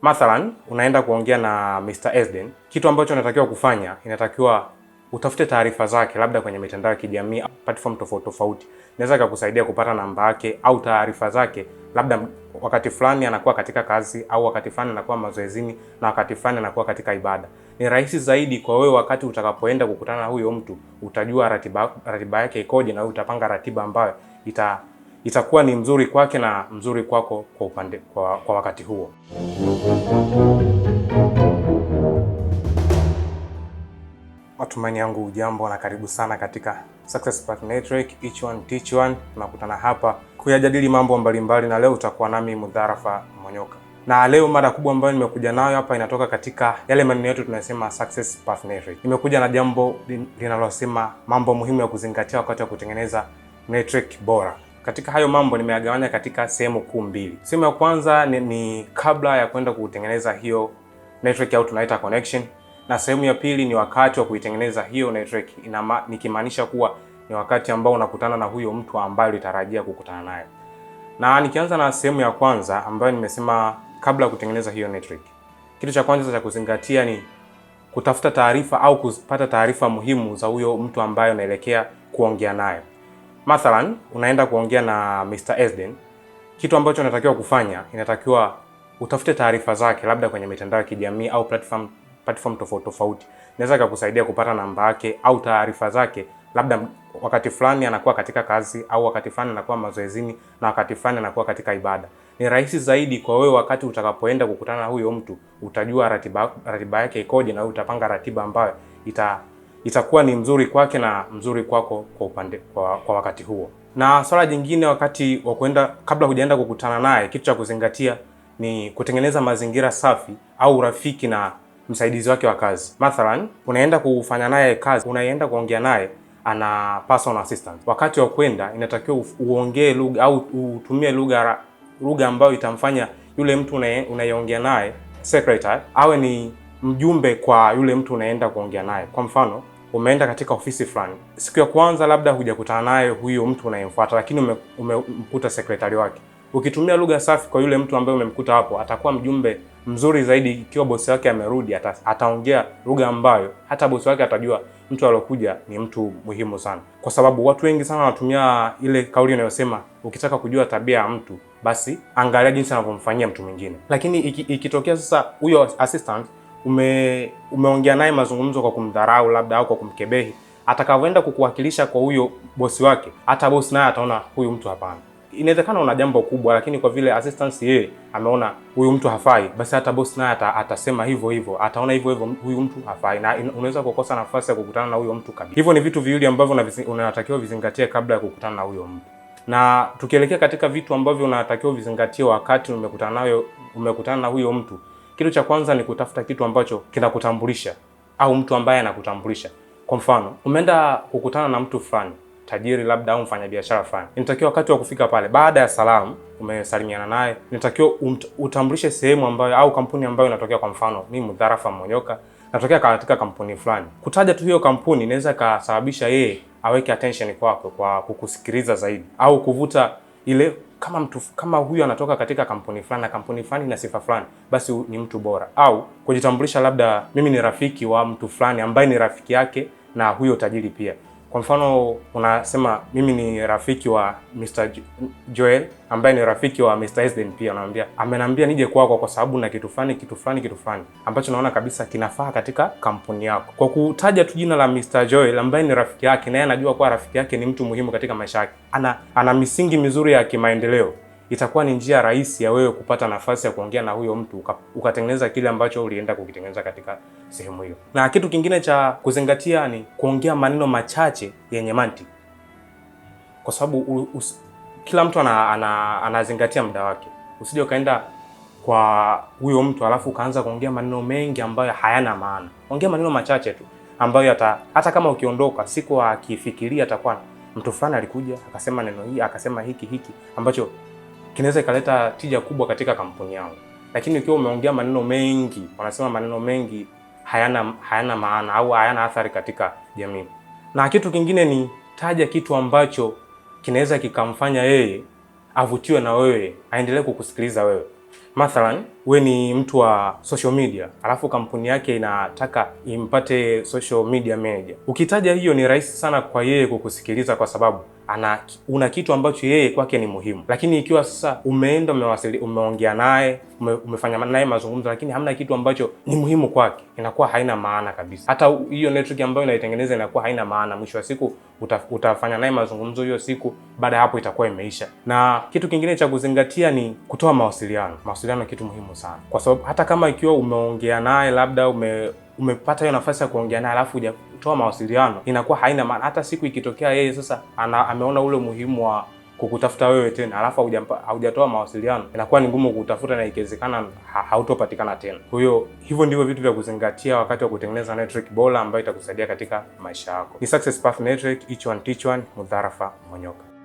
Mathalan, unaenda kuongea na Mr. Esden, kitu ambacho unatakiwa kufanya, inatakiwa utafute taarifa zake, labda kwenye mitandao ya kijamii, platform tofauti tofauti, naweza kukusaidia kupata namba yake au taarifa zake. Labda wakati fulani anakuwa katika kazi, au wakati fulani anakuwa mazoezini, na wakati fulani anakuwa katika ibada. Ni rahisi zaidi kwa wewe, wakati utakapoenda kukutana na huyo mtu, utajua ratiba, ratiba yake ikoje, na wewe utapanga ratiba ambayo ita itakuwa ni mzuri kwake na mzuri kwako kwa upande kwa, kwa wakati huo. Matumaini yangu ujambo na karibu sana katika Success Path Network, each one teach one. Tunakutana hapa kuyajadili mambo mbalimbali, na leo utakuwa nami Mudharafa Monyoka, na leo mada kubwa ambayo nimekuja nayo hapa inatoka katika yale maneno yetu tunayosema Success Path Network. Nimekuja na jambo linalosema mambo muhimu ya kuzingatia wakati wa kutengeneza network bora. Katika hayo mambo nimeyagawanya katika sehemu kuu mbili. Sehemu ya kwanza ni, ni kabla ya kwenda kutengeneza hiyo network au tunaita connection, na sehemu ya pili ni wakati wa kuitengeneza hiyo network, nikimaanisha kuwa ni wakati ambao unakutana na huyo mtu ambaye ulitarajia kukutana naye. Na nikianza na sehemu ya kwanza ambayo nimesema kabla ya kutengeneza hiyo network, kitu cha kwanza cha kuzingatia ni kutafuta taarifa au kupata taarifa muhimu za huyo mtu ambaye unaelekea kuongea naye. Mathalan, unaenda kuongea na Mr. Esden, kitu ambacho unatakiwa kufanya, inatakiwa utafute taarifa zake labda kwenye mitandao ya kijamii au platform platform tofauti tofauti. Naweza kukusaidia kupata namba yake au taarifa zake, labda wakati fulani anakuwa katika kazi au wakati fulani anakuwa mazoezini na wakati fulani anakuwa katika ibada. Ni rahisi zaidi kwa wewe, wakati utakapoenda kukutana na huyo mtu utajua ratiba, ratiba yake ikoje na utapanga ratiba ambayo ita itakuwa ni mzuri kwake na mzuri kwako kwa upande kwa, kwa wakati huo. Na swala jingine, wakati wa kwenda, kabla hujaenda kukutana naye, kitu cha kuzingatia ni kutengeneza mazingira safi au rafiki na msaidizi wake wa kazi. Mathalan, unaenda kufanya naye kazi, unaenda kuongea naye, ana personal assistant. Wakati wa kwenda, inatakiwa uongee lugha au utumie lugha lugha ambayo itamfanya yule mtu unayeongea naye secretary awe ni mjumbe kwa yule mtu unaenda kuongea naye. Kwa mfano, umeenda katika ofisi fulani, siku ya kwanza labda hujakutana naye huyo mtu unayemfuata, lakini umemkuta sekretari wake. Ukitumia lugha safi kwa yule mtu ambaye umemkuta hapo, atakuwa mjumbe mzuri zaidi. Ikiwa bosi wake amerudi, ata, ataongea lugha ambayo hata bosi wake atajua mtu aliokuja ni mtu muhimu sana, kwa sababu watu wengi sana wanatumia ile kauli inayosema ukitaka kujua tabia ya mtu basi angalia jinsi anavyomfanyia mtu mwingine. Lakini ikitokea sasa huyo assistant ume, umeongea naye mazungumzo kwa kumdharau labda au kwa kumkebehi, atakavyoenda kukuwakilisha kwa huyo bosi wake, hata bosi naye ataona huyu mtu hapana. Inawezekana una jambo kubwa, lakini kwa vile assistance yeye ameona huyu mtu hafai, basi hata bosi naye atasema hivyo hivyo, ataona hivyo hivyo, huyu mtu hafai, na unaweza kukosa nafasi ya kukutana na huyo mtu kabisa. Hivyo ni vitu viwili ambavyo unatakiwa vizingatie kabla ya kukutana na huyo mtu. Na tukielekea katika vitu ambavyo unatakiwa vizingatie wakati umekutana nayo, umekutana na huyo mtu kitu cha kwanza ni kutafuta kitu ambacho kinakutambulisha au mtu ambaye anakutambulisha. Kwa mfano, umeenda kukutana na mtu fulani tajiri labda au mfanyabiashara fulani, inatakiwa wakati wa kufika pale, baada ya salamu, umesalimiana naye, inatakiwa utambulishe sehemu ambayo au kampuni ambayo inatokea. Kwa mfano, mimi Mudharafa Monyoka natokea katika kampuni fulani. Kutaja tu hiyo kampuni inaweza ikasababisha yeye aweke attention kwako kwa kukusikiliza zaidi au kuvuta ile kama mtu kama huyu anatoka katika kampuni fulani na kampuni fulani ina sifa fulani, basi ni mtu bora, au kujitambulisha, labda mimi ni rafiki wa mtu fulani ambaye ni rafiki yake na huyo tajiri pia. Kwa mfano unasema mimi ni rafiki wa Mr. Joel ambaye ni rafiki wa Mr. Esden pia unamwambia, amenambia nije kwako kwa sababu na kitu fulani kitu fulani kitu fulani ambacho naona kabisa kinafaa katika kampuni yako. Kwa kutaja tu jina la Mr. Joel ambaye ni rafiki yake, naye anajua kuwa rafiki yake ni mtu muhimu katika maisha yake, ana, ana misingi mizuri ya kimaendeleo itakuwa ni njia rahisi ya wewe kupata nafasi ya kuongea na huyo mtu ukatengeneza kile ambacho ulienda kukitengeneza katika sehemu hiyo. Na kitu kingine cha kuzingatia ni kuongea maneno machache yenye mantiki, kwa sababu kila mtu ana, ana, anazingatia muda wake. Usije ukaenda kwa huyo mtu alafu ukaanza kuongea maneno mengi ambayo hayana maana. Ongea maneno machache tu ambayo hata, hata kama ukiondoka siku akifikiria atakuwa mtu fulani alikuja akasema neno hii akasema hiki hiki ambacho kinaweza ikaleta tija kubwa katika kampuni yangu. Lakini ukiwa umeongea maneno mengi, wanasema maneno mengi hayana hayana maana au hayana athari katika jamii. Na kitu kingine ni taja kitu ambacho kinaweza kikamfanya yeye avutiwe na wewe, aendelee kukusikiliza wewe. Mathalan, we ni mtu wa social media, alafu kampuni yake inataka impate social media manager. Ukitaja hiyo, ni rahisi sana kwa yeye kukusikiliza kwa sababu ana una kitu ambacho yeye kwake ni muhimu. Lakini ikiwa sasa umeenda umewasili, umeongea naye ume, umefanya naye mazungumzo, lakini hamna kitu ambacho ni muhimu kwake, inakuwa haina maana kabisa. Hata hiyo network ambayo unaitengeneza inakuwa haina maana. Mwisho wa siku uta, utafanya naye mazungumzo hiyo siku, baada ya hapo itakuwa imeisha. Na kitu kingine cha kuzingatia ni kutoa mawasiliano. Mawasiliano ni kitu muhimu sana, kwa sababu hata kama ikiwa umeongea naye labda ume umepata hiyo nafasi ya kuongea naye alafu kutoa mawasiliano inakuwa haina maana. Hata siku ikitokea yeye sasa ana, ameona ule umuhimu wa kukutafuta wewe tena alafu haujatoa mawasiliano, inakuwa ni ngumu kukutafuta na ikiwezekana ha, hautopatikana tena. Kwa hiyo hivyo ndivyo vitu vya kuzingatia wakati wa kutengeneza network bora ambayo itakusaidia katika maisha yako. Ni Success Path Network, each one teach one, Mudharafa Monyoka.